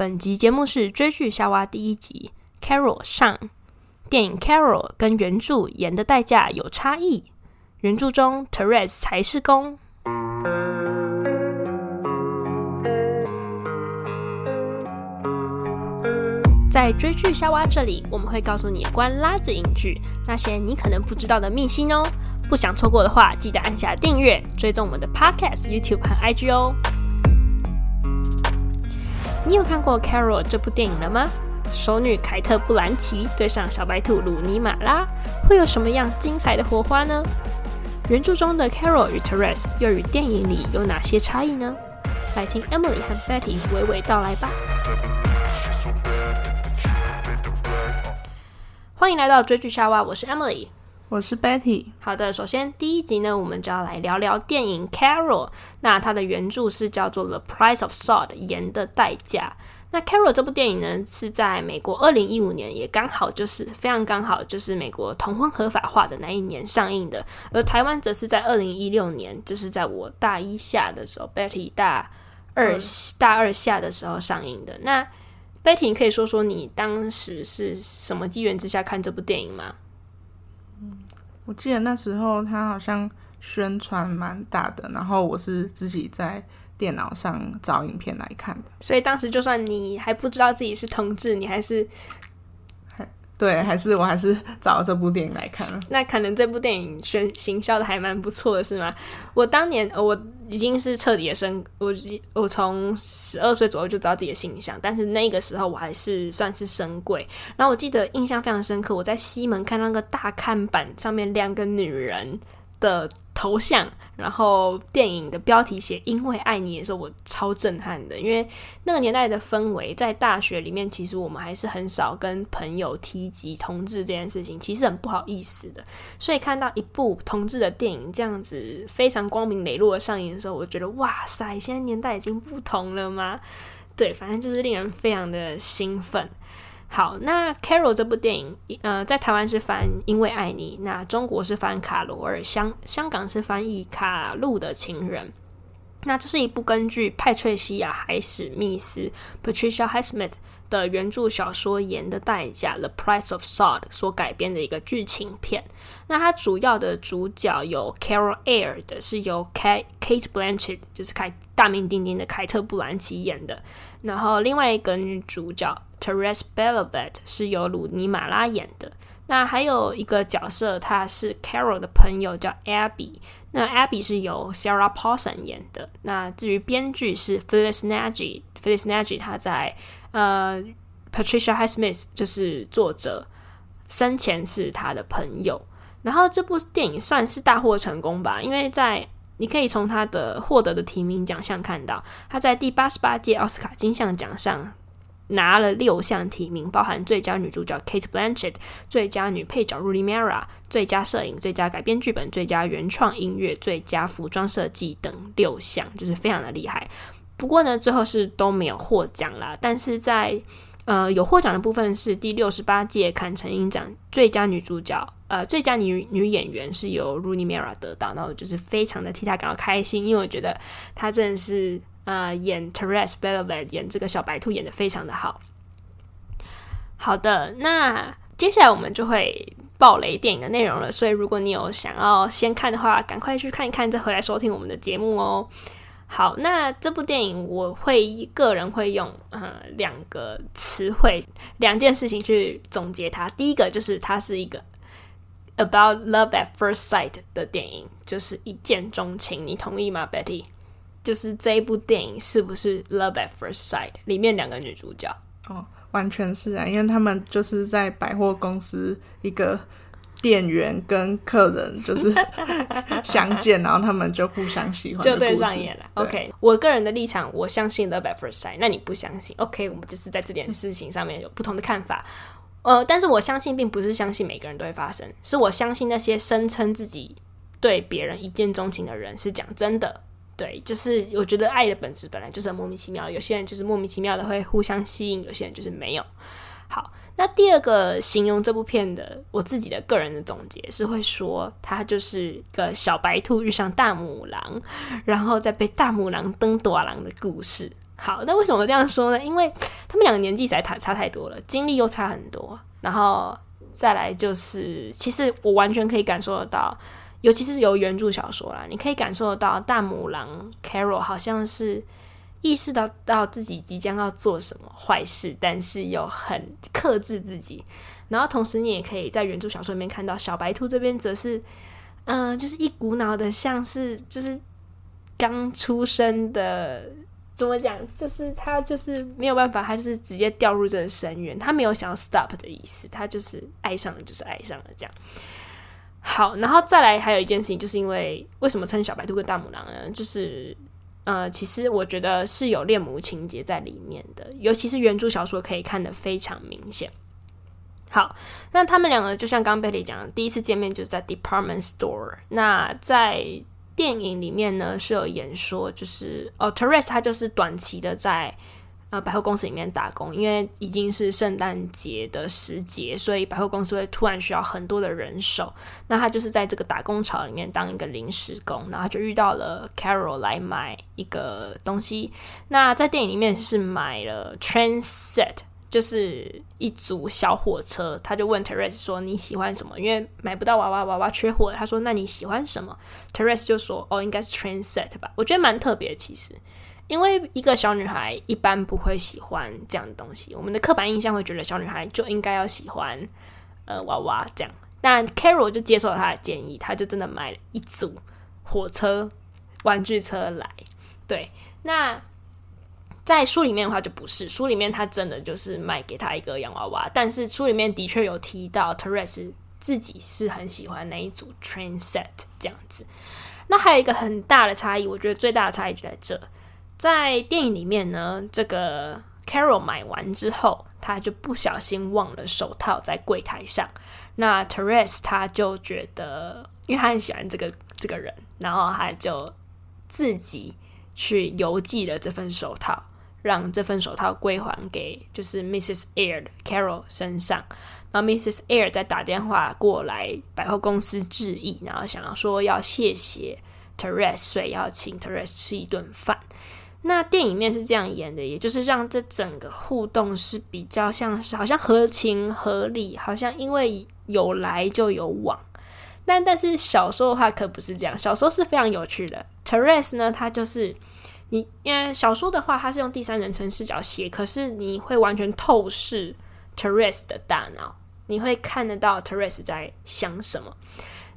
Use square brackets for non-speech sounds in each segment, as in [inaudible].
本集節目是追劇夏娃》第一集《Carol》上。電影《Carol》跟原著鹽的代價有差異，原著中 Therese 才是攻。在追劇夏娃》這裡，我們會告訴你關於拉子影劇那些你可能不知道的秘辛哦。不想錯過的話，記得按下訂閱，追蹤我們的 Podcast、YouTube 和 IG 哦。你有看過《Carol》這部電影了嗎？熟女凱特·布蘭奇對上小白兔魯尼·馬拉，會有什麼樣精彩的火花呢？原著中的 Carol 與 Therese 又與電影裡有哪些差異呢？來聽 Emily 和 Betty 娓娓道來吧。歡迎來到追劇夏娃，我是 Emily。我是 Betty。好的，首先第一集呢，我們就要來聊聊電影《Carol》。那它的原著是叫做《The Price of Salt》，鹽的代價。那《Carol》這部電影呢，是在美國二零一五年，也剛好就是非常剛好，就是美國同婚合法化的那一年上映的。而台灣則是在二零一六年，就是在我大一下的時候，嗯，Betty 大二大二下的時候上映的。那 Betty 你可以說說你當時是什麼機緣之下看這部電影嗎？我記得那時候他好像宣傳蠻大的，然後我是自己在電腦上找影片來看的。所以當時就算你還不知道自己是同志，你還是？對，還是我還是找這部電影來看。那可能這部電影宣行銷的還蠻不錯的，是嗎？我當年我已經是徹底的升，我我從十二歲左右就知道自己的性向，但是那個時候我還是算是深櫃。然後我記得印象非常深刻，我在西門看那個大看板上面兩個女人的頭像。然後電影的標題寫“因為愛你”也是我超震撼的，因為那個年代的氛圍，在大學裡面，其實我們還是很少跟朋友提及同志這件事情，其實很不好意思的。所以看到一部同志的電影這樣子非常光明磊落地上映的時候，我覺得哇塞，現在年代已經不同了嗎？對，反正就是令人非常的興奮。好，那《Carol》這部電影，呃，在台灣是翻《因為愛你》，那中國是翻卡《卡羅爾》，香香港是翻譯《卡路的情人》。那這是一部根據派翠西亞·海史密斯 （Patricia Highsmith） 的原著小說《鹽的代價》（The Price of Salt） 所改編的一個劇情片。那它主要的主角有 Car《Carol》Air 的是由 Kate Blanchett 就是凱大名鼎鼎的凱特·布蘭奇演的，然後另外一個女主角。Therese Belivet 是由魯尼馬拉演的。那還有一個角色，他是 Carol 的朋友，叫 Abby。那 Abby 是由 Sarah Paulson 演的。那至於編劇是 Phyllis Nagy，Phyllis Nagy 他在呃 Patricia Highsmith 就是作者生前是他的朋友。然後這部電影算是大獲成功吧，因為在你可以從他的獲得的提名獎項看到，他在第八十八屆奧斯卡金像獎上，拿了六項提名，包含最佳女主角 Kate Blanchett、最佳女配角 Rooney Mara、最佳攝影、最佳改編劇本、最佳原創音樂、最佳服裝設計等六項，就是非常的厲害。不過呢，最後是都沒有獲獎啦。但是在呃有獲獎的部分是第六十八屆坎城影展最佳女主角呃最佳女女演員是由 Rooney Mara 得到，然後就是非常的替她感到開心，因為我覺得她真的是。啊、呃，演 Therese Belivet 演這個小白兔演的非常的好。好的，那接下來我們就會爆雷電影的內容了，所以如果你有想要先看的話，趕快去看一看，再回來收聽我們的節目哦。好，那這部電影我會一個人會用呃兩個詞彙、兩件事情去總結它。第一個就是它是一個 about love at first sight 的電影，就是一見鍾情，你同意嗎，Betty？就是這一部電影是不是 Love at First Sight 裡面兩個女主角？哦，完全是啊，因為他們就是在百貨公司一個店員跟客人就是 [laughs] 相見，然後他們就互相喜歡，就對上眼了。對 OK，我個人的立場，我相信 Love at First Sight，那你不相信？OK，我們就是在這點事情上面有不同的看法。 [laughs] 呃，但是我相信，並不是相信每個人都會發生，是我相信那些聲稱自己對別人一見鍾情的人是講真的。對，就是我覺得愛的本質本來就是很莫名其妙。有些人就是莫名其妙的會互相吸引，有些人就是沒有。好，那第二個形容這部片的，我自己的個人的總結是會說，他就是一個小白兔遇上大母狼，然後再被大母狼蹬朵狼的故事。好，那為什麼我這樣說呢？因為他們兩個年紀才太差太多了，經歷又差很多，然後再來就是，其實我完全可以感受得到。尤其是由原著小說啦，你可以感受到大母狼 Carol 好像是意識到到自己即將要做什麼壞事，但是又很克制自己。然後同時，你也可以在原著小說裡面看到小白兔這邊則是，嗯、呃，就是一股腦的像是就是剛出生的，怎麼講？就是他就是沒有辦法，他就是直接掉入這個深淵，他沒有想要 stop 的意思，他就是愛上了，就是愛上了這樣。好，然後再來還有一件事情，就是因為為什麼稱小白兔跟大母狼呢？就是呃，其實我覺得是有戀母情節在裡面的，尤其是原著小說可以看得非常明顯。好，那他們兩個就像剛貝里講的，第一次見面就是在 department store。那在電影裡面呢是有演說，就是哦，Teresa 她就是短期的在。呃，百貨公司裡面打工，因為已經是聖誕節的時節，所以百貨公司會突然需要很多的人手。那他就是在這個打工潮裡面當一個臨時工，然後就遇到了 Carol 來買一個東西。那在電影裡面是買了 train set，就是一組小火車。他就問 Therese 說：“你喜歡什麼？”因為買不到娃娃，娃娃缺貨。他說：“那你喜歡什麼？”Therese 就說：“哦，應該是 train set 吧。”我覺得蠻特別的其實。因為一個小女孩一般不會喜歡這樣的東西，我們的刻板印象會覺得小女孩就應該要喜歡，呃，娃娃這樣。但 Carol 就接受了她的建議，他就真的買了一組火車玩具車來。對，那在書裡面的話就不是，書裡面他真的就是買給他一個洋娃娃，但是書裡面的確有提到 Therese 自己是很喜歡哪一組 train set 這樣子。那還有一個很大的差異，我覺得最大的差異就在這。在電影裡面呢，這個 Carol 買完之後，他就不小心忘了手套在櫃檯上。那 Therese 他就覺得，因為他很喜歡這個這個人，然後他就自己去郵寄了這份手套，讓這份手套歸還給就是 Mrs. Aird 的 Carol 身上。然後 Mrs. Aird 再打電話過來百貨公司致意，然後想要說要謝謝 Therese，所以要請 Therese 吃一頓飯。那電影面是這樣演的，也就是讓這整個互動是比較像是好像合情合理，好像因為有來就有往。但但是小說的話可不是這樣，小說是非常有趣的。Therese 呢，他就是你因為小說的話，他是用第三人稱視角寫，可是你會完全透視 Therese 的大腦，你會看得到 Therese 在想什麼。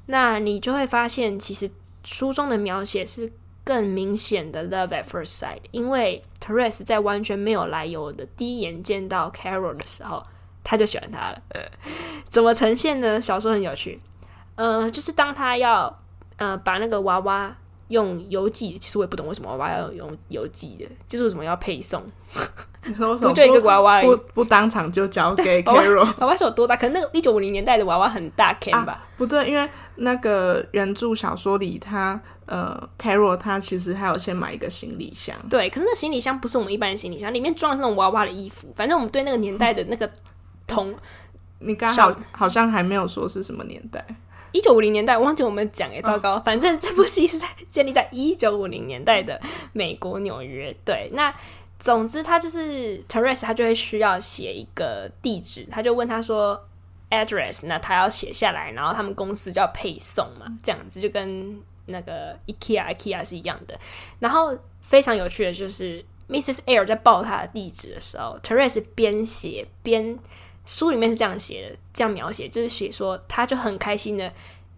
那你就會發現，其實書中的描寫是。更明顯的 love at first sight，因為 Therese 在完全沒有來由的第一眼見到 Carol 的時候，他就喜歡她了。 [laughs] 怎麼呈現呢？小說很有趣，呃，就是當他要呃把那個娃娃用郵寄，其實我也不懂為什麼娃娃要用郵寄的，就是為什麼要配送？你說什麼？ [laughs] 不就一個娃娃，不，不不當場就交給 Carol。哦。娃娃是有多大？可能那個一九五零年代的娃娃很大，Can 吧、啊？不對，因為那個原著小說裡他。呃，Carol 他其實還有先買一個行李箱。對，可是那行李箱不是我們一般的行李箱，裡面裝的是那種娃娃的衣服。反正我們對那個年代的那個同，你剛剛好,像好像還沒有說是什麼年代？一九五零年代，我忘記我們講也、欸哦、糟糕。反正這部戲是在建立在一九五零年代的美國紐約。對，那總之他就是 Therese 他就會需要寫一個地址，他就問他說 address，那他要寫下來，然後他們公司就要配送嘛，這樣子就跟。那個 IKEA IKEA 是一樣的，然後非常有趣的就是 Mrs Air 在報她的地址的時候，Therese 邊寫邊，書裡面是這樣寫的，這樣描寫就是寫說，她就很開心的，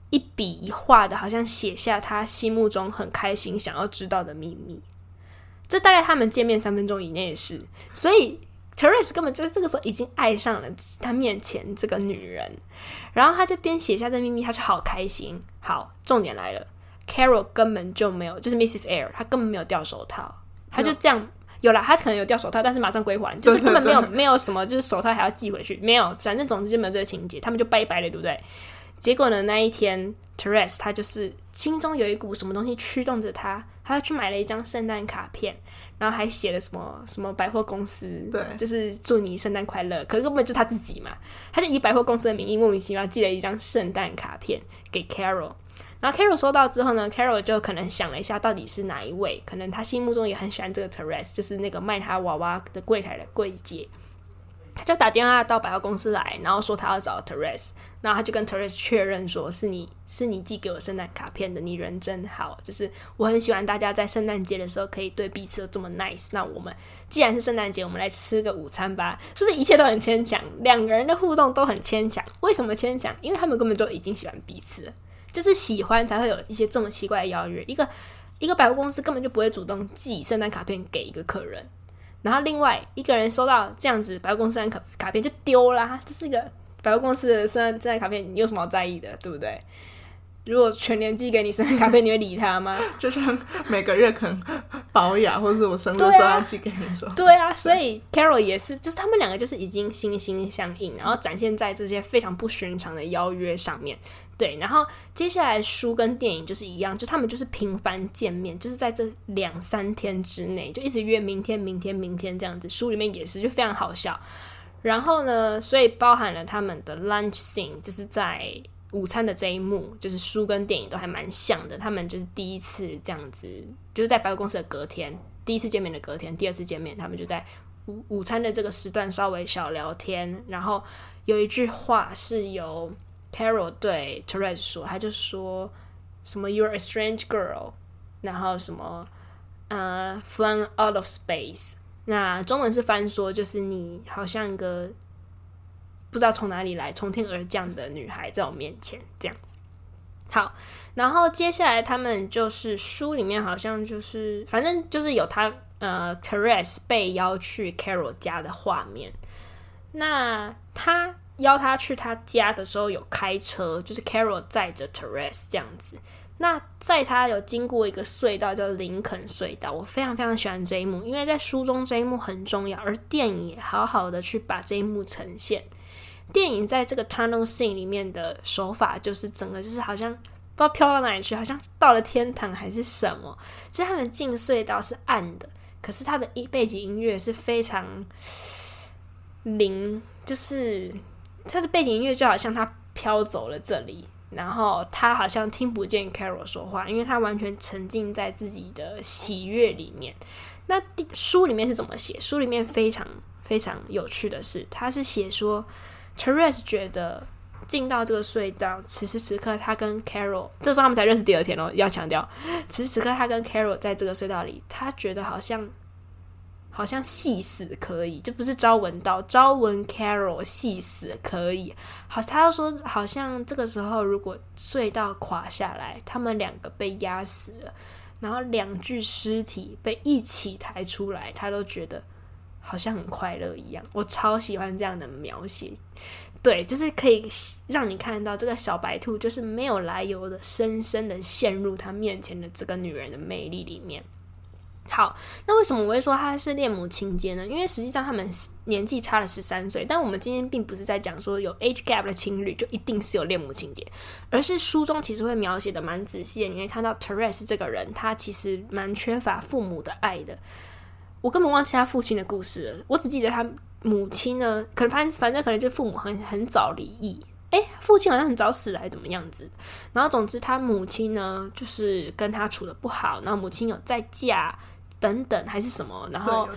一筆一畫的，好像寫下她心目中很開心想要知道的秘密。這大概他們見面三分鐘以內的事，所以 Therese 根本就在這個時候已經愛上了她面前這個女人，然後她就邊寫下這秘密，她就好開心。好，重點來了。Carol 根本就沒有，就是 Mrs. Air，他根本沒有掉手套，他就這樣、嗯、有了。他可能有掉手套，但是馬上歸還，就是根本沒有對對對，沒有什麼，就是手套還要寄回去，沒有。反正總之就沒有這個情節，他們就拜拜了，對不對？結果呢，那一天，Therese 他就是心中有一股什麼東西驅動着他，他要去買了一張聖誕卡片，然後還寫了什麼什麼百貨公司，對就是祝你聖誕快樂。可是根本就他自己嘛，他就以百貨公司的名義莫名其妙寄了一張聖誕卡片給 Carol。那 Carol 收到之後呢？Carol 就可能想了一下，到底是哪一位？可能他心目中也很喜歡這個 Therese 就是那個賣他娃娃的櫃檯的櫃姐。他就打電話到百貨公司來，然後說他要找 Therese。然後他就跟 Therese 確認說：“是你，是你寄給我聖誕卡片的，你人真好。就是我很喜歡大家在聖誕節的時候可以對彼此都這麼 nice。那我們既然是聖誕節，我們來吃個午餐吧。是不是一切都很牽強？兩個人的互動都很牽強。為什麼牽強？因為他們根本就已經喜歡彼此了。”就是喜歡才會有一些這麼奇怪的邀約。一個一個百貨公司根本就不會主動寄聖誕卡片給一個客人，然後另外一個人收到這樣子百貨公司的聖誕卡片就丟啦。這，就是一個百貨公司的聖誕聖誕卡片，你有什麼好在意的，對不對？如果全年寄給你聖誕卡片，你會理他嗎？就是每個月可能保養，或者是我生日的時候要寄給你說，對，啊。對啊，所以 Carol 也是，對就是他們兩個就是已經心心相印，然後展現在這些非常不尋常的邀約上面。對，然後接下來書跟電影就是一樣，就他們就是頻繁見面，就是在這兩三天之內就一直約明天、明天、明天這樣子。書裡面也是就非常好笑。然後呢，所以包含了他們的 lunch scene，就是在午餐的這一幕，就是書跟電影都還蠻像的。他們就是第一次這樣子，就是在百貨公司的隔天第一次見面的隔天，第二次見面他們就在午午餐的這個時段稍微小聊天。然後有一句話是由。Carol 對 Therese 說：“他就說什麼 ‘You're a strange girl’，然後什麼‘呃 flung out of space’，那中文是翻說就是你好像一個不知道從哪裡來、從天而降的女孩在我面前這樣。好，然後接下來他們就是書裡面好像就是反正就是有他呃，Therese 被邀去 Carol 家的畫面，那他。”邀他去他家的時候有開車，就是 Carol 載着 Therese 這樣子。那在他有經過一個隧道叫林肯隧道，我非常非常喜歡這一幕，因為在書中這一幕很重要，而電影也好好的去把這一幕呈現。電影在這個 Tunnel Scene 裡面的手法，就是整個就是好像不知道飄到哪裡去，好像到了天堂還是什麼。其實他們進隧道是暗的，可是他的背景音樂是非常靈，就是。他的背景音樂就好像他飄走了這裡，然後他好像聽不見 Carol 說話，因為他完全沉浸在自己的喜悅裡面。那書裡面是怎麼寫？書裡面非常非常有趣的是，他是寫說 Therese 覺得進到這個隧道，此時此刻他跟 Carol 這時候他們才認識第二天哦，要強調此時此刻他跟 Carol 在這個隧道裡，他覺得好像。好像夕死可矣，這不是朝聞道，朝聞 Carol 夕死可矣。好，他都說好像這個時候如果隧道垮下來，他們兩個被壓死了，然後兩具屍體被一起抬出來，他都覺得好像很快樂一樣。我超喜歡這樣的描寫，對，就是可以讓你看到這個小白兔就是沒有來由的深深的陷入他面前的這個女人的魅力裡面。好，那為什麼我會說他是戀母情結呢？因為實際上他們年紀差了十三歲。但我們今天並不是在講說有 age gap 的情侶就一定是有戀母情結，而是書中其實會描寫得蠻仔細的。你會看到 Therese 這個人，他其實蠻缺乏父母的愛的。我根本忘記他父親的故事了，我只記得他母親呢，可能反正反正可能就父母很很早離異。誒、欸，父親好像很早死了還是怎麼樣子？然後總之他母親呢，就是跟他處得不好。然後母親有再嫁。等等，還是什麼？然後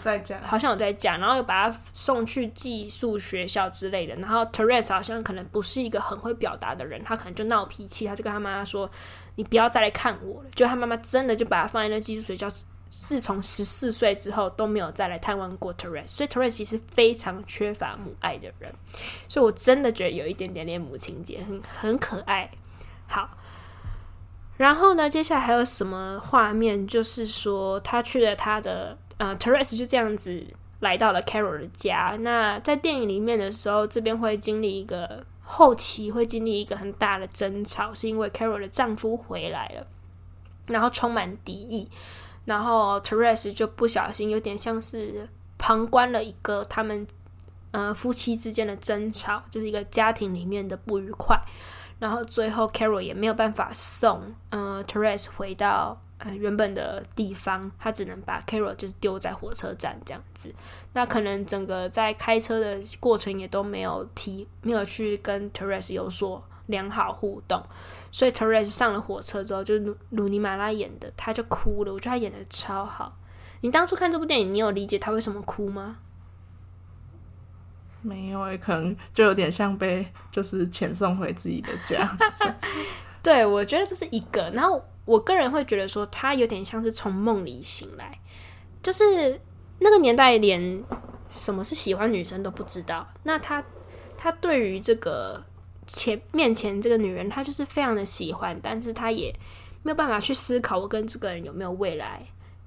好像有在講，然後又把他送去寄宿學校之類的。然後 Therese 好像可能不是一個很會表達的人，他可能就鬧脾氣，他就跟他媽媽說：“你不要再來看我了。”就他媽媽真的就把他放在那寄宿學校，自從十四歲之後都沒有再來探望過 Therese。所以 Therese 其實非常缺乏母愛的人，嗯、所以我真的覺得有一點點戀母情結很，很很可愛。好。然後呢？接下來還有什麼畫面？就是說，他去了他的呃 Therese 就這樣子來到了 Carol 的家。那在電影裡面的時候，這邊會經歷一個後期會經歷一個很大的爭吵，是因為 Carol 的丈夫回來了，然後充滿敵意。然後 Therese 就不小心有點像是旁觀了一個他們呃夫妻之間的爭吵，就是一個家庭裡面的不愉快。然後最後，Carol 也沒有辦法送嗯、呃、Therese 回到嗯、呃、原本的地方，他只能把 Carol 就是丟在火車站這樣子。那可能整個在開車的過程也都沒有提，沒有去跟 Therese 有所良好互動。所以 Therese 上了火車之後，就是魯尼馬拉演的，他就哭了。我覺得他演得超好。你當初看這部電影，你有理解他為什麼哭嗎？沒有欸，可能就有點像被就是遣送回自己的家。對，我覺得這是一個。然後我個人會覺得說，他有點像是從夢裡醒來，就是那個年代連什麼是喜歡女生都不知道。那他他對於這個前面前這個女人，他就是非常的喜歡，但是他也沒有辦法去思考我跟這個人有沒有未來，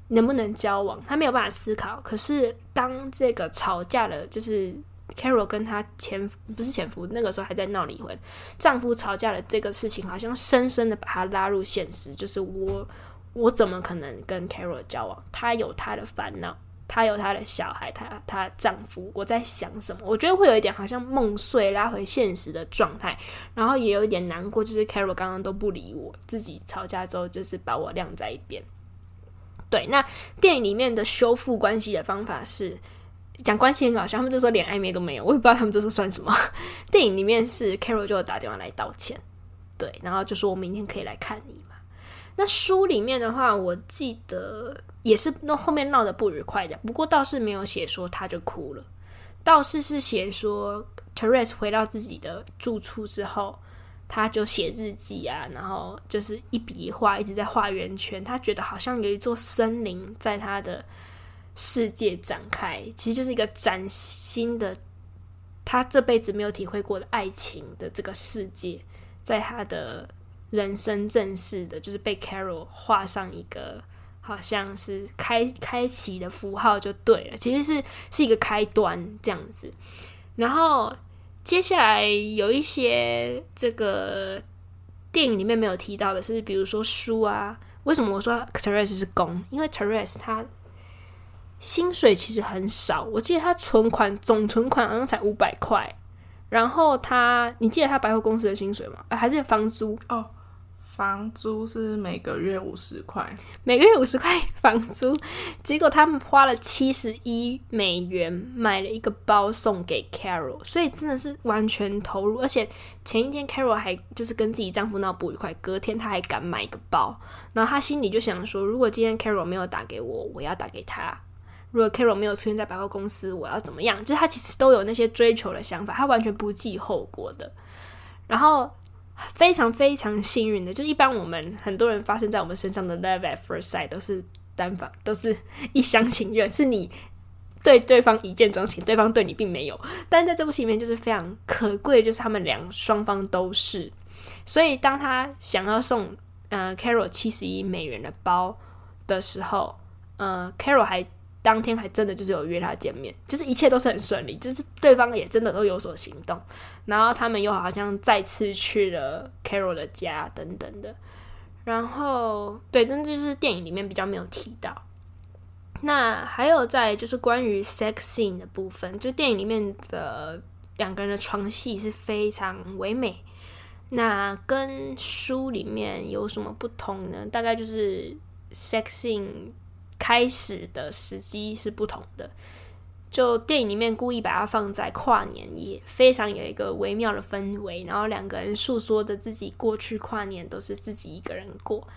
能不能交往，他沒有辦法思考。可是當這個吵架了，就是。Carol 跟她前夫，不是前夫，那個時候還在鬧離婚，丈夫吵架了這個事情，好像深深的把她拉入現實。就是我，我怎麼可能跟 Carol 交往？她有她的煩惱，她有她的小孩，她她丈夫，我在想什麼？我覺得會有一點好像夢碎拉回現實的狀態，然後也有一點難過，就是 Carol 剛剛都不理我，自己吵架之後就是把我晾在一邊。對，那電影裡面的修復關係的方法是。講關係很搞笑，他們這時候連曖昧都沒有，我也不知道他們這時候算什麼。 [laughs] 電影裡面是 Carol 就有打電話來道歉，對，然後就說我明天可以來看你嘛。那書裡面的話，我記得也是那後面鬧得不愉快的，不過倒是沒有寫說他就哭了，倒是是寫說 Therese 回到自己的住處之後，他就寫日記啊，然後就是一筆一畫一直在畫圓圈，他覺得好像有一座森林在他的。世界展開，其實就是一個嶄新的，他這輩子沒有體會過的愛情的這個世界，在他的人生正式的，就是被 Carol 畫上一個好像是開開啟的符號就對了，其實是是一個開端這樣子。然後接下來有一些這個電影裡面沒有提到的是，比如說書啊，為什麼我說 Therese 是攻？因為 Therese 他。薪水其實很少，我記得他存款總存款好像才五百塊。然後他，你記得他百貨公司的薪水嗎？啊，還是有房租？哦，房租是每個月五十塊，每個月五十塊房租。結果他們花了七十一美元買了一個包送給 Carol，所以真的是完全投入。而且前一天 Carol 還就是跟自己丈夫鬧不愉快，隔天他還敢買一個包。然後他心裡就想說，如果今天 Carol 沒有打給我，我要打給他。如果 Carol 沒有出現在百貨公司，我要怎麼樣？就是他其實都有那些追求的想法，他完全不計後果的。然後非常非常幸運的，就是一般我們很多人發生在我們身上的 love at first sight 都是單方，都是一廂情願，是你對對方一見鍾情，對方對你並沒有。但在這部戲裡面，就是非常可貴，就是他們兩雙方都是。所以當他想要送嗯、呃、Carol 七十一美元的包的時候，嗯、呃、Carol 還。當天還真的就是有約他見面，就是一切都是很順利，就是對方也真的都有所行動，然後他們又好像再次去了 Carol 的家等等的。然後，對，真的就是電影裡面比較沒有提到。那還有在就是關於 sex scene 的部分，就電影裡面的兩個人的床戲是非常唯美。那跟書裡面有什麼不同呢？大概就是 sex scene 開始的時機是不同的，就電影裡面故意把它放在跨年，也非常有一個微妙的氛圍。然後兩個人訴說着自己過去跨年都是自己一個人過，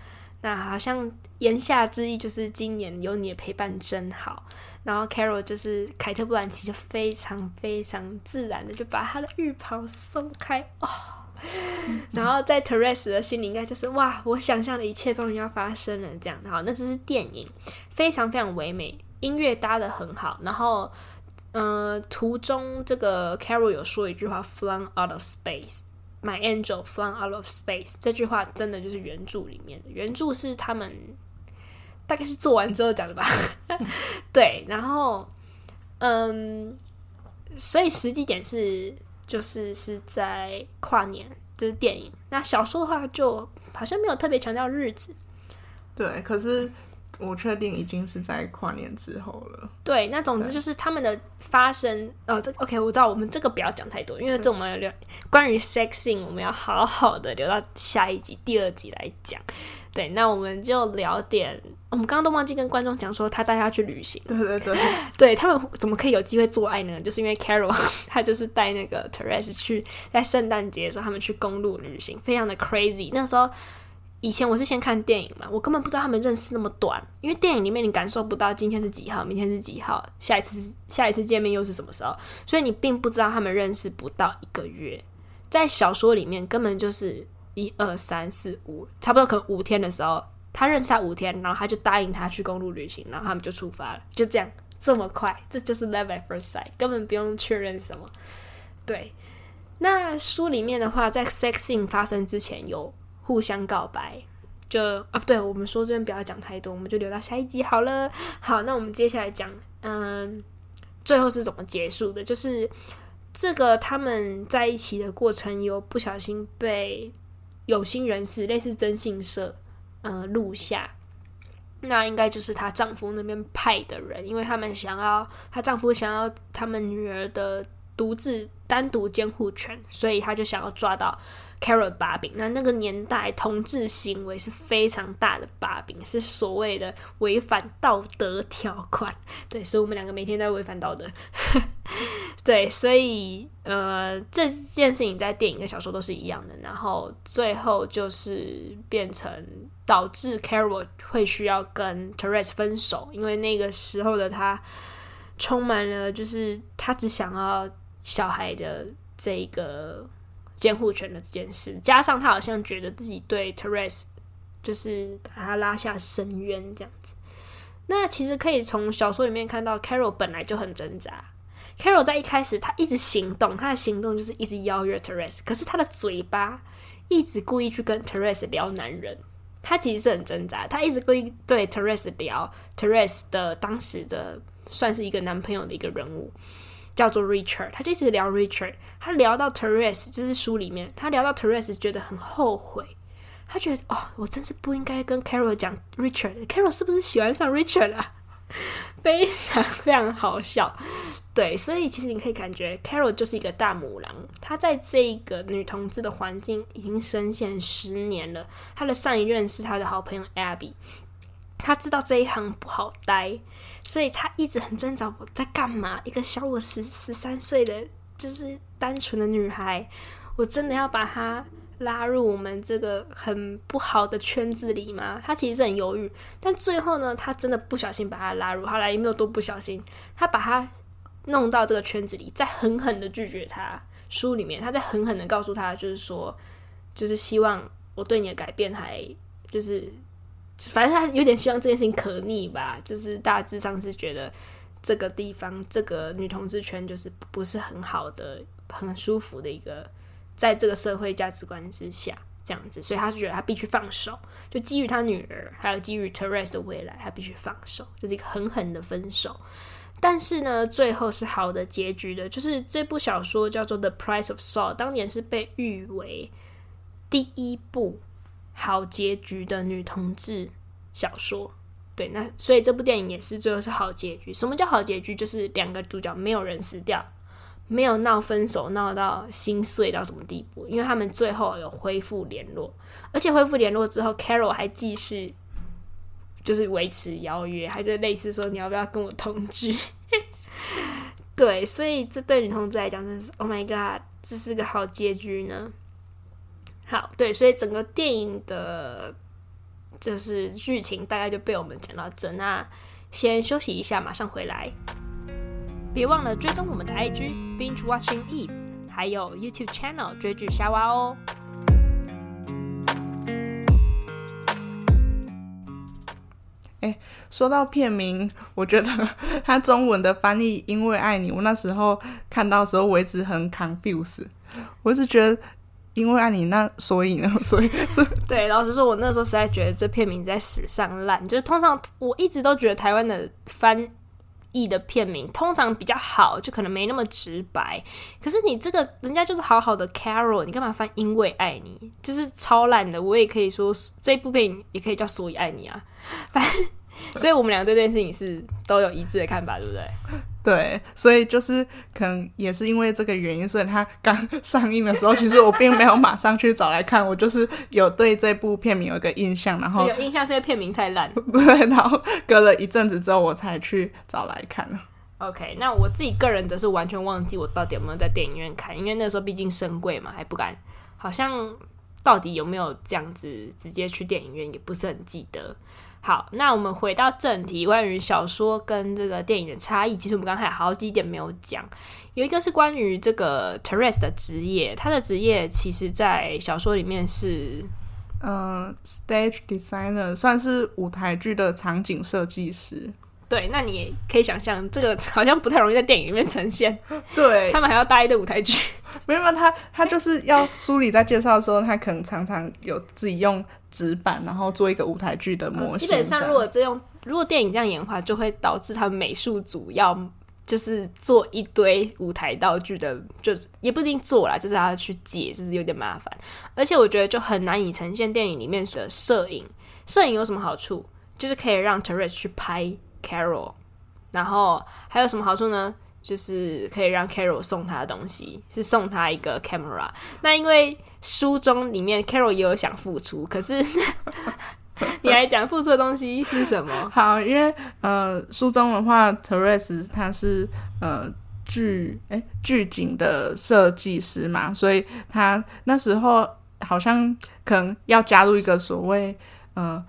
那好像言下之意就是今年有你的陪伴真好。然後 Carol 就是凱特·布蘭奇就非常非常自然的就把她的浴袍鬆開哦。 [laughs] 然後在 Therese 的心裡，應該就是哇，我想象的一切終於要發生了。這樣，好，那只是電影，非常非常唯美，音樂搭得很好。然後，呃，途中這個 Carol 有說一句話：“Flung out of space, my angel, flung out of space。Of space ”這句話真的就是原著裡面的。原著是他們大概是做完之後講的吧？ [laughs] 對。然後，嗯，所以實際點是。就是是在跨年，就是電影。那小說的話，就好像沒有特別強調日子。對，可是。嗯我確定已經是在跨年之後了。對，那總之就是他們的發生，呃對、哦，這 OK，我知道我們這個不要講太多，因為這我們要聊對關於 sexing，我們要好好的留到下一集、第二集來講。對，那我們就聊點，我們剛剛都忘記跟觀眾講說，他帶他去旅行。對對對， [laughs] 對他們怎麼可以有機會做愛呢？就是因為 Carol，他就是帶那個 Therese 去，在聖誕節的時候他們去公路旅行，非常的 crazy。那時候。以前我是先看電影嘛，我根本不知道他們認識那麼短，因為電影裡面你感受不到今天是幾號，明天是幾號，下一次下一次見面又是什麼時候，所以你並不知道他們認識不到一個月。在小說裡面根本就是一二三四五，差不多可能五天的時候，他認識他五天，然後他就答應他去公路旅行，然後他們就出發了，就這樣這麼快，這就是 love at first sight，根本不用確認什麼。對，那書裡面的話，在 sex scene 發生之前有。互相告白，就啊，不對，我們說這邊不要講太多，我們就留到下一集好了。好，那我們接下來講，嗯、呃，最後是怎麼結束的？就是這個他們在一起的過程有不小心被有心人士類似徵信社，嗯、呃，錄下，那應該就是她丈夫那邊派的人，因為他們想要她丈夫想要他們女兒的。獨自單獨監護權，所以他就想要抓到 Carol 把柄。那那個年代，同志行為是非常大的把柄，是所謂的違反道德條款。對，所以我們兩個每天都在違反道德。 [laughs] 對，所以呃，這件事情在電影跟小說都是一樣的。然後最後就是變成導致 Carol 會需要跟 Therese 分手，因為那個時候的他充滿了，就是他只想要小孩的這個監護權的這件事，加上他好像覺得自己對 Therese 就是把他拉下深淵這樣子。那其實可以從小說裡面看到，Carol 本來就很掙扎。Carol 在一開始，他一直行動，他的行動就是一直邀約 Therese，可是他的嘴巴一直故意去跟 Therese 聊男人。他其實是很掙扎，他一直故意對 Therese 聊 Therese 的當時的算是一個男朋友的一個人物。叫做 Richard，他就一直聊 Richard，他聊到 Therese 就是書裡面，他聊到 Therese 覺得很後悔，他覺得哦，我真是不應該跟 Carol 講 Richard，Carol 是不是喜歡上 Richard 啊？非常非常好笑，對，所以其實你可以感覺 Carol 就是一個大母狼，她在這個女同志的環境已經深陷十年了，她的上一任是她的好朋友 Abby。他知道這一行不好待，所以他一直很掙扎，我在幹嘛？一個小我十十三歲的，就是單純的女孩，我真的要把她拉入我們這個很不好的圈子裡嗎？他其實是很猶豫，但最後呢，他真的不小心把她拉入。後來也沒有多不小心，他把她弄到這個圈子裡，再狠狠的拒絕她。書裡面他在狠狠的告訴她，就是說，就是希望我對你的改變還就是。反正他有點希望這件事情可逆吧，就是大致上是覺得這個地方這個女同志圈就是不是很好的、很舒服的一個，在這個社會價值觀之下這樣子，所以他是覺得他必須放手，就基於他女兒還有基於 Therese 的未來，他必須放手，就是一個狠狠的分手。但是呢，最後是好的結局的，就是這部小說叫做《The Price of Salt》，當年是被譽為第一部。好結局的女同志小說，對，那所以這部電影也是最後是好結局。什麼叫好結局？就是兩個主角沒有人死掉，沒有鬧分手，鬧到心碎到什麼地步？因為他們最後有恢復聯絡，而且恢復聯絡之後，Carol 還繼續就是維持邀約，還在類似說你要不要跟我同居？ [laughs] 對，所以這對女同志來講，真是 Oh my god，這是個好結局呢。好，對，所以整個電影的，就是劇情大概就被我們講到這，啊，那先休息一下，馬上回來。別忘了追蹤我們的 IG [noise] binge watching eve，還有 YouTube channel 追劇瞎挖哦，欸。說到片名，我覺得它中文的翻譯“因為愛你”，我那時候看到的時候我一直很 confuse，我一直覺得。因為愛你那，那所以呢？所以是。對，老實說，我那時候實在覺得這片名在史上爛。就是通常我一直都覺得台灣的翻譯的片名通常比較好，就可能沒那麼直白。可是你這個人家就是好好的 Carol，你干嘛翻“因為愛你”？就是超爛的。我也可以說，這部電影也可以叫“所以愛你”啊。反正，所以我們兩個對這件事情是都有一致的看法，對不對？對，所以就是可能也是因為這個原因，所以它剛上映的時候，其實我並沒有馬上去找來看， [laughs] 我就是有對這部片名有一個印象，然後有印象是因為片名太爛， [laughs] 對，然後隔了一陣子之後我才去找來看，OK，那我自己個人則是完全忘記我到底有沒有在電影院看，因為那時候畢竟深櫃嘛，還不敢，好像到底有沒有這樣子直接去電影院，也不是很記得。好，那我們回到正題，關於小說跟這個電影的差異，其實我們剛才有好幾點沒有講，有一個是關於這個 Therese 的職業，他的職業其實在小說裡面是，嗯、呃、，Stage Designer，算是舞台劇的場景設計師。對，那你也可以想象，這個好像不太容易在電影裡面呈現。 [laughs] 對，他們還要搭一個舞台劇。沒有嘛？他他就是要書裡在介紹說，他可能常常有自己用。紙板，然後做一個舞台劇的模型。嗯，基本上，如果這樣，如果電影這樣演的話，就會導致他們美術組要就是做一堆舞台道具的，就也不一定做啦，就是要去解，就是有點麻煩。而且我覺得就很難以呈現電影裡面的攝影。攝影有什麼好處？就是可以讓 Therese 去拍 Carol。然後還有什麼好處呢？就是可以讓 Carol 送他的東西，是送他一個 camera。那因為書中裡面 Carol 也有想付出，可是 [laughs] 你來講付出的東西是什麼？ [laughs] 好，因為呃，書中的話，Therese 他是呃劇誒，劇、欸、景的設計師嘛，所以他那時候好像可能要加入一個所謂呃。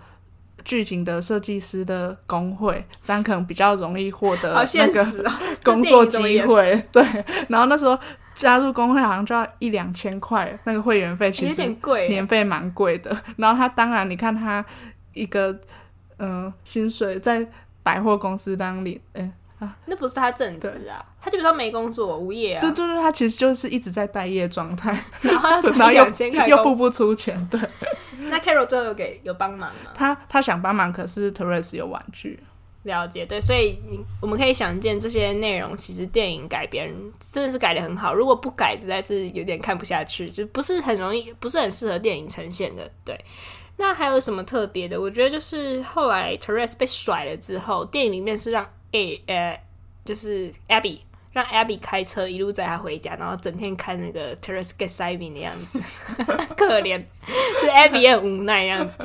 劇情的設計師的工會，這樣可能比較容易獲得那個工作機會。對，然後那時候加入工會好像就要一兩千塊那個會員費，其實年費蠻貴的。然後他當然，你看他一個嗯、呃，薪水在百貨公司當領，哎、欸、啊，那不是他正職啊，他基本上沒工作，無業啊。對對對，他其實就是一直在待業狀態，然後，他 [laughs] 然後又又付不出錢，對。那 Carol 最後有給有幫忙嗎？他他想幫忙，可是 Therese 有玩具。了解，對，所以我們可以想見，這些內容其實電影改編真的是改得很好。如果不改，實在是有點看不下去，就不是很容易，不是很適合電影呈現的。對，那還有什麼特別的？我覺得就是後來 Therese 被甩了之後，電影裡面是讓 A 呃，就是 Abby。讓 Abby 開車一路載他回家，然後整天看那個 Therese get shy i 的樣子， [laughs] [laughs] 可憐，就是、Abby 很無奈樣子。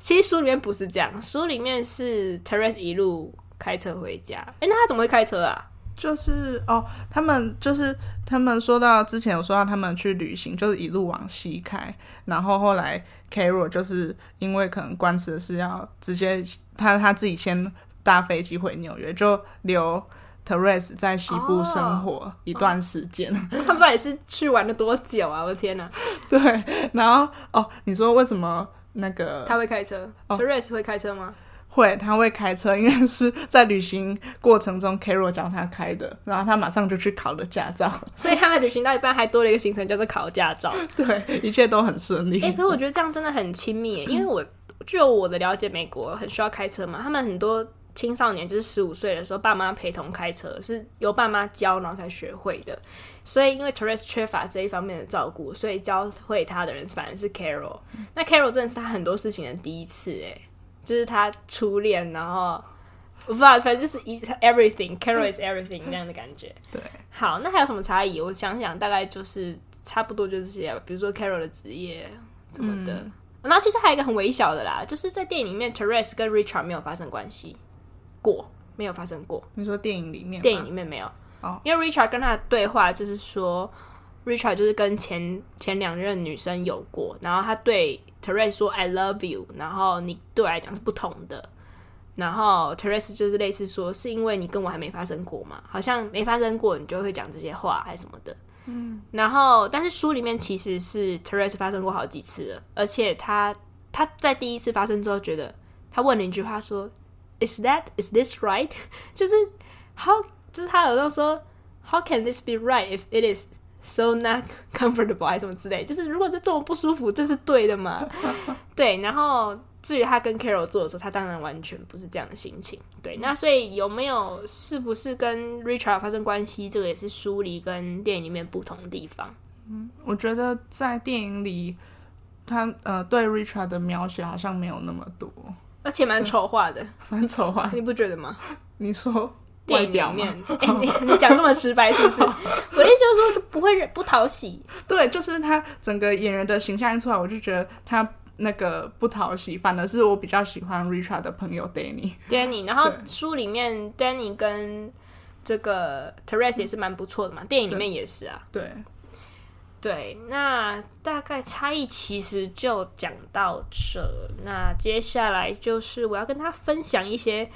其實書裡面不是這樣，書裡面是 Therese 一路開車回家。誒、欸，那他怎麼會開車啊？就是哦，他們就是他們說到之前有說到他們去旅行，就是一路往西開，然後後來 Carol 就是因為可能官司的事要直接他他自己先搭飛機回紐約，就留。Therese 在西部生活一段時間、哦哦，他們到底是去玩了多久啊？我的天吶！對，然後哦，你說為什麼那個他會開車、哦、？Therese 會開車嗎？會，他會開車，因為是在旅行過程中 Carol 教他開的，然後他馬上就去考了駕照。所以他們旅行到一半還多了一個行程，叫、就、做、是、考駕照。對，一切都很順利。誒、欸，可是我覺得這樣真的很親密， [coughs] 因為我據我，我的了解，美國很需要開車嘛，他們很多。青少年就是十五歲的時候，爸媽陪同開車，是由爸媽教，然後才學會的。所以因為 Therese 缺乏這一方面的照顧，所以教會他的人反而是 Carol。嗯、那 Carol 真的是他很多事情的第一次、欸，哎，就是他初戀，然後我不知道、e，反正是一 everything，Carol [laughs] is everything 那 [laughs] 樣的感覺。對，好，那還有什麼差異？我想想，大概就是差不多就是這些，比如說 Carol 的職業什麼的、嗯哦。然後其實還有一個很微小的啦，就是在電影裡面 Therese, [laughs] 跟 Richard 沒有發生關係。過沒有發生過？你說電影裡面，電影裡面沒有。哦，oh. 因為 Richard 跟他的對話就是說，Richard 就是跟前前兩任女生有過，然後他對 Therese 說 “I love you”，然後你對我來講是不同的。然後 Therese 就是類似說，是因為你跟我還沒發生過嘛，好像沒發生過，你就會講這些話還是什麼的。嗯，然後但是書裡面其實是 Therese 發生過好幾次了，而且他他在第一次發生之後覺得，他問了一句話說。Is that is this right？ [laughs] 就是，how 就是他有在說，How can this be right if it is so not comfortable？還什麼之類，就是如果這這麼不舒服，這是對的嘛？ [laughs] 對。然後至於他跟 Carol 做的時候，他當然完全不是這樣的心情。對。嗯、那所以有沒有是不是跟 Richard 發生關係？這個也是書裡跟電影裡面不同的地方。嗯，我覺得在電影裡，他呃對 Richard 的描寫好像沒有那麼多。而且蠻醜化的，嗯、蠻醜化，你不覺得嗎？你說外表嗎？電影裡面，哎、欸 oh.，你你講這麼直白，是不是？Oh. 我的意思就是說，就不會不討喜。對，就是他整個演員的形象一出來，我就覺得他那個不討喜。反而是我比較喜歡 Richard 的朋友 Danny，Danny。然後書裡面 Danny 跟這個 Therese 也是蠻不錯的嘛，嗯、電影裡面也是啊，對。對，那大概差異其實就講到這。那接下來就是我要跟他分享一些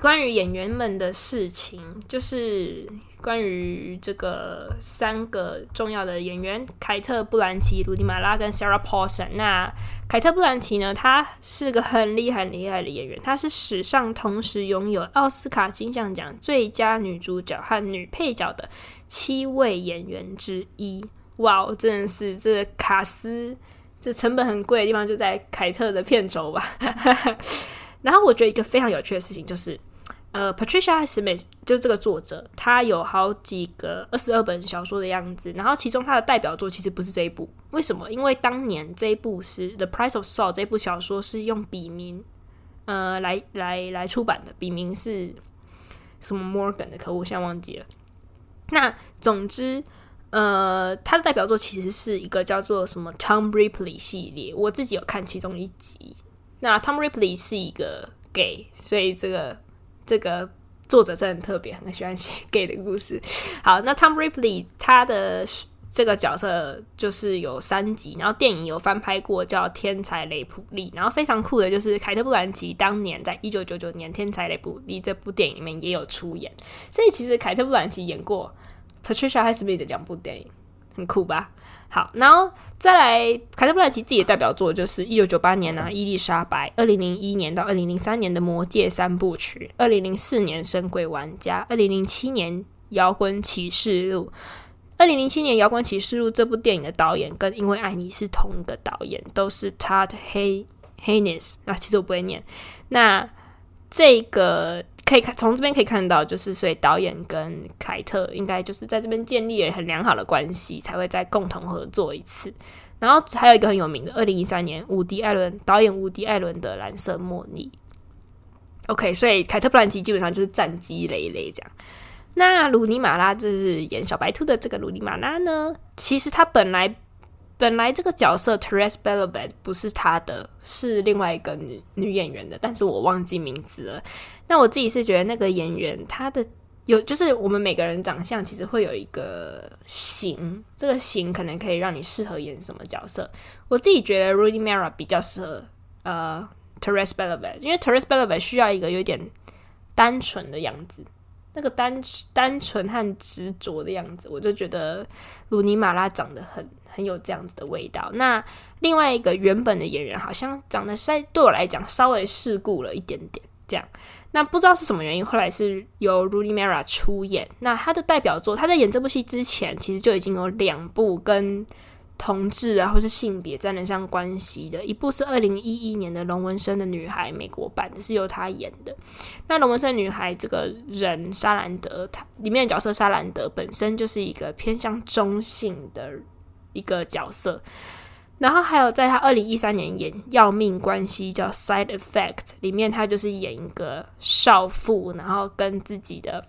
關於演員們的事情，就是關於這個三個重要的演員：凱特·布蘭奇、魯尼·馬拉跟 Sarah Paulson。那凱特·布蘭奇呢，她是個很厲害、很厲害的演員，她是史上同時擁有奧斯卡金像獎最佳女主角和女配角的七位演員之一。哇哦、wow，真的是這卡斯，這成本很貴的地方就在凱特的片酬吧。 [laughs] 然後我覺得一個非常有趣的事情就是，呃，Patricia Smith 就是這個作者，他有好幾個二十二本小說的樣子。然後其中他的代表作其實不是這一部，為什麼？因為當年這一部是《The Price of Salt》這部小說是用筆名，呃，來來來出版的，筆名是什麼 Morgan 的，可我現在忘記了。那總之。呃，他的代表作其實是一個叫做什麼 Tom Ripley 系列，我自己有看其中一集。那 Tom Ripley 是一個 gay，所以這個這個作者真的很特別，很喜歡寫 gay 的故事。好，那 Tom Ripley 他的這個角色就是有三集，然後電影有翻拍過叫《天才雷普利》，然後非常酷的就是凱特·布蘭奇當年在一九九九年《天才雷普利》這部電影裡面也有出演，所以其實凱特·布蘭奇演過。Patricia Highsmith 的兩部電影很酷吧？好，然後再來凱特布蘭奇自己的代表作就是一九九八年呢、啊《伊麗莎白》，二零零一年到二零零三年的《魔戒三部曲》，二零零四年《神鬼玩家》，二零零七年《搖滾啟示錄》，二零零七年《搖滾啟示錄》這部電影的導演跟《因為愛你》是同一個導演，都是 Todd Hay Haynes。啊。其實我不會念，那這個。可以看從這邊可以看到，就是所以導演跟凱特應該就是在這邊建立了很良好的關係，才會再共同合作一次。然後還有一個很有名的，二零一三年，伍迪艾倫導演伍迪艾倫的《藍色茉莉》。OK，所以凱特·布蘭奇基本上就是戰績累累這樣。那魯尼馬拉就是演小白兔的這個魯尼馬拉呢，其實他本來。本來這個角色 Therese Belivet 不是他的，是另外一個女女演員的，但是我忘記名字了。那我自己是覺得那個演員她的有，就是我們每個人長相其實會有一個型，這個型可能可以讓你適合演什麼角色。我自己覺得 Rooney Mara 比較適合呃 Therese Belivet，因為 Therese Belivet 需要一個有點單純的樣子。那個單單純和執着的樣子，我就覺得魯尼馬拉長得很很有這樣子的味道。那另外一個原本的演員，好像長得稍對我來講稍微世故了一點點這樣。那不知道是什麼原因，後來是由魯尼馬拉出演。那他的代表作，他在演這部戲之前，其實就已經有兩部跟。同志啊，或是性別沾了上關係的一部是二零一一年的《龍紋身的女孩》，美國版的是由她演的。那《龍紋身女孩》這個人莎蘭德，她裡面的角色莎蘭德本身就是一個偏向中性的一個角色。然後還有在她二零一三年演《要命關係》叫《Side Effect》，裡面她就是演一個少婦，然後跟自己的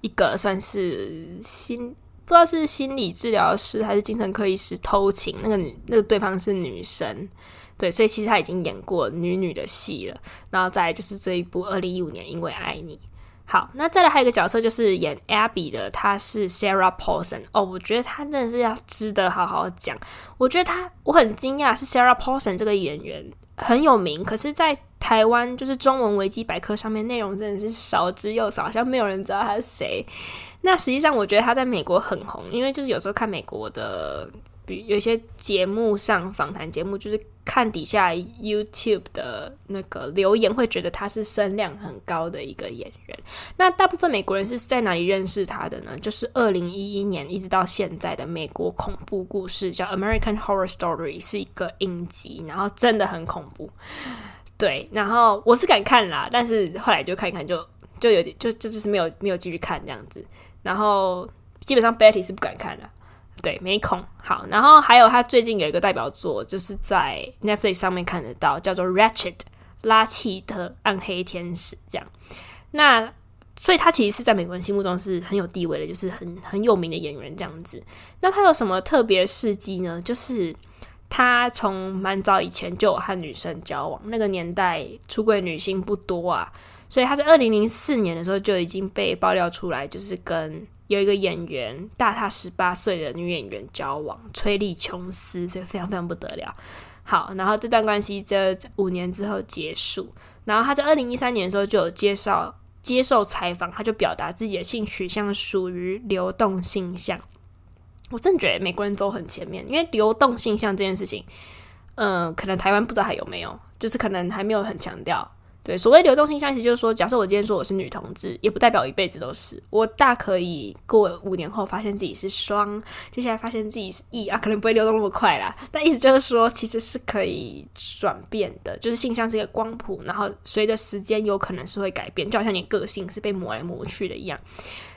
一個算是新。不知道是心理治療師還是精神科醫師偷情，那個女那個對方是女生，對，所以其實她已經演過女女的戲了。然後再來就是這一部二零一五年《因為愛你》。好，那再來還有一個角色就是演 Abby 的，她是 Sarah Paulson。哦，我覺得她真的是要值得好好講。我覺得她我很驚訝，是 Sarah Paulson 這個演員很有名，可是，在台灣就是中文維基百科上面內容真的是少之又少，好像沒有人知道她是誰。那實際上，我覺得他在美國很紅，因為就是有時候看美國的，比如有些節目上訪談節目，就是看底下 YouTube 的那個留言，會覺得他是聲量很高的一個演員。那大部分美國人是在哪裡認識他的呢？就是二零一一年一直到現在的美國恐怖故事，叫 American Horror Story，是一個影集，然後真的很恐怖。對，然後我是敢看啦，但是後來就看一看就，就就有點就就就是沒有沒有繼續看這樣子。然後基本上 Betty 是不敢看的，對，沒空。好，然後還有他最近有一個代表作，就是在 Netflix 上面看得到，叫做《Ratched》拉契特暗黑天使這樣。那所以他其實是在美國人心目中是很有地位的，就是很很有名的演員這樣子。那他有什麼特別的事蹟呢？就是他從蠻早以前就有和女生交往，那個年代出櫃女星不多啊。所以他在二零零四年的時候就已經被爆料出來，就是跟有一個演員大他十八歲的女演員交往，崔麗瓊斯，所以非常非常不得了。好，然後這段關係這五年之後結束，然後他在二零一三年的時候就有介紹接受採訪，他就表達自己的性取向屬於流動性向。我真的覺得美國人走很前面，因為流動性向這件事情，嗯、呃，可能台灣不知道還有沒有，就是可能還沒有很強調。對，所謂流動性性向，意思就是說，假設我今天說我是女同志，也不代表一輩子都是我，大可以過了五年後發現自己是雙，接下來發現自己是異、E，啊，可能不會流動那麼快啦。但意思就是說，其實是可以轉變的，就是性向這個光譜，然後隨着時間有可能是會改變，就好像你個性是被磨來磨去的一樣。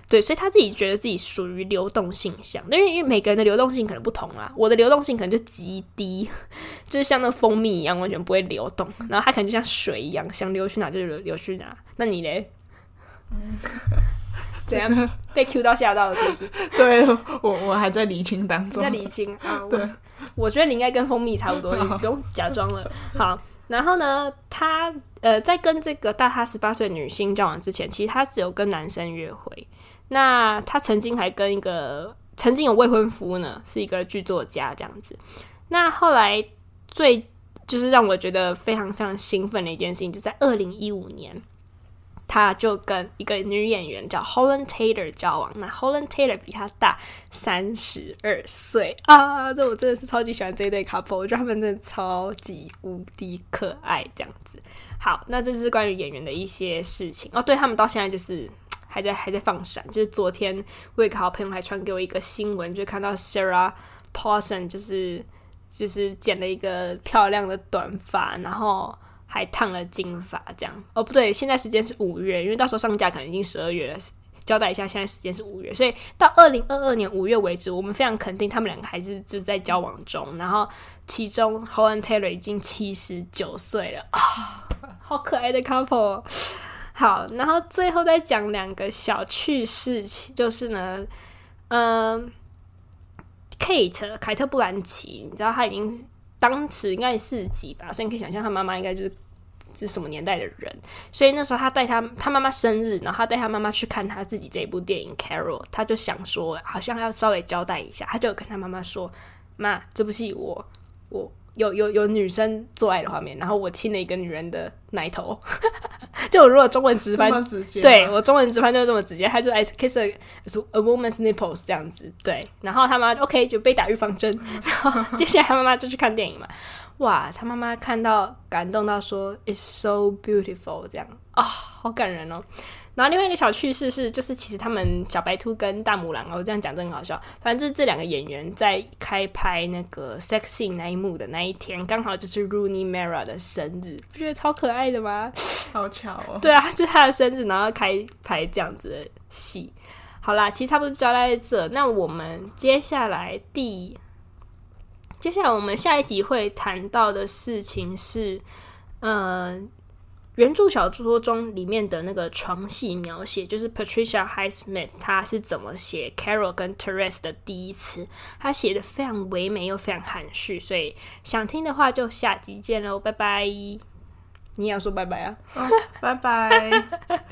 對，所以他自己覺得自己屬於流動性強，因為因為每個人的流動性可能不同啊，我的流動性可能就極低，就是像那蜂蜜一樣，完全不會流動。然後他可能就像水一樣，想流去哪就流流去哪。那你嘞？嗯、怎樣？這個、被 Q 到嚇到了是不是？對我我還在理清當中。 [laughs] 在理清啊。對我，我覺得你應該跟蜂蜜差不多， [laughs] 你不用假裝了。好，然後呢，他呃，在跟這個大他十八歲的女性交往之前，其實他只有跟男生約會。那他曾經還跟一個曾經有未婚夫呢，是一個劇作家這樣子。那後來最就是讓我覺得非常非常興奮的一件事情，就是在二零一五年，他就跟一個女演員叫 Holland Taylor 交往。那 Holland Taylor 比他大三十二歲啊！這我真的是超級喜歡這一對 couple，我覺得他們真的超級無敵可愛這樣子。好，那這就是關於演員的一些事情哦。對他們到現在就是。還在還在放閃，就是昨天，我一個好朋友還傳給我一個新聞，就看到 Sarah Paulson 就是就是剪了一個漂亮的短髮，然後還燙了金髮，這樣。哦，不對，現在時間是五月，因為到時候上架可能已經十二月了，交代一下現在時間是五月。所以到二零二二年五月為止，我們非常肯定他們兩個還是就是在交往中。然後，其中 Holland Taylor 已經七十九歲了，啊、哦，好可愛的 couple。好，然後最後再講兩個小趣事情，就是呢，嗯、呃，Kate 凱特布蘭奇，你知道他已經當時應該四幾吧，所以你可以想象他媽媽應該就是是什麼年代的人，所以那時候他帶他他媽媽生日，然後他帶他媽媽去看他自己這部電影 Carol，他就想說，好像要稍微交代一下，他就跟他媽媽說：“媽，這部戲我我。”有有有女生做愛的畫面，然後我親了一個女人的奶頭， [laughs] 就我如果中文直翻，直接對我中文直翻就是這麼直接，她就 I kiss a a woman's nipples 這樣子，對，然後她媽媽 OK 就被打預防針， [laughs] 然後接下來她媽媽就去看電影嘛，哇，她媽媽看到感動到說 It's so beautiful 這樣啊、哦，好感人哦。然後另外一個小趣事是，就是其實他們小白兔跟大母狼，我這樣講真的很好笑。反正就是這兩個演員在開拍那個 sexy 那一幕的那一天，剛好就是 Rooney Mara 的生日，不覺得超可愛的嗎？好巧哦！對啊，就他的生日，然後開拍這樣子的戲。好啦，其實差不多就交代在這，那我們接下來第接下來我們下一集會談到的事情是，嗯、呃。原著小說中裡面的那個床戲描寫，就是 Patricia Highsmith 她是怎麼寫 Carol 跟 Therese 的第一次，她寫的非常唯美又非常含蓄。所以想聽的話，就下集見嘍，拜拜！你也要說拜拜啊，哦、 [laughs] 拜拜！ [laughs]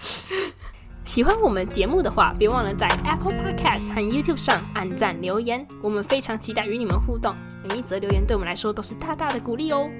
喜歡我們節目的話，別忘了在 Apple Podcast 和 YouTube 上按讚留言，我們非常期待與你們互動。每一則留言對我們來說都是大大的鼓勵哦。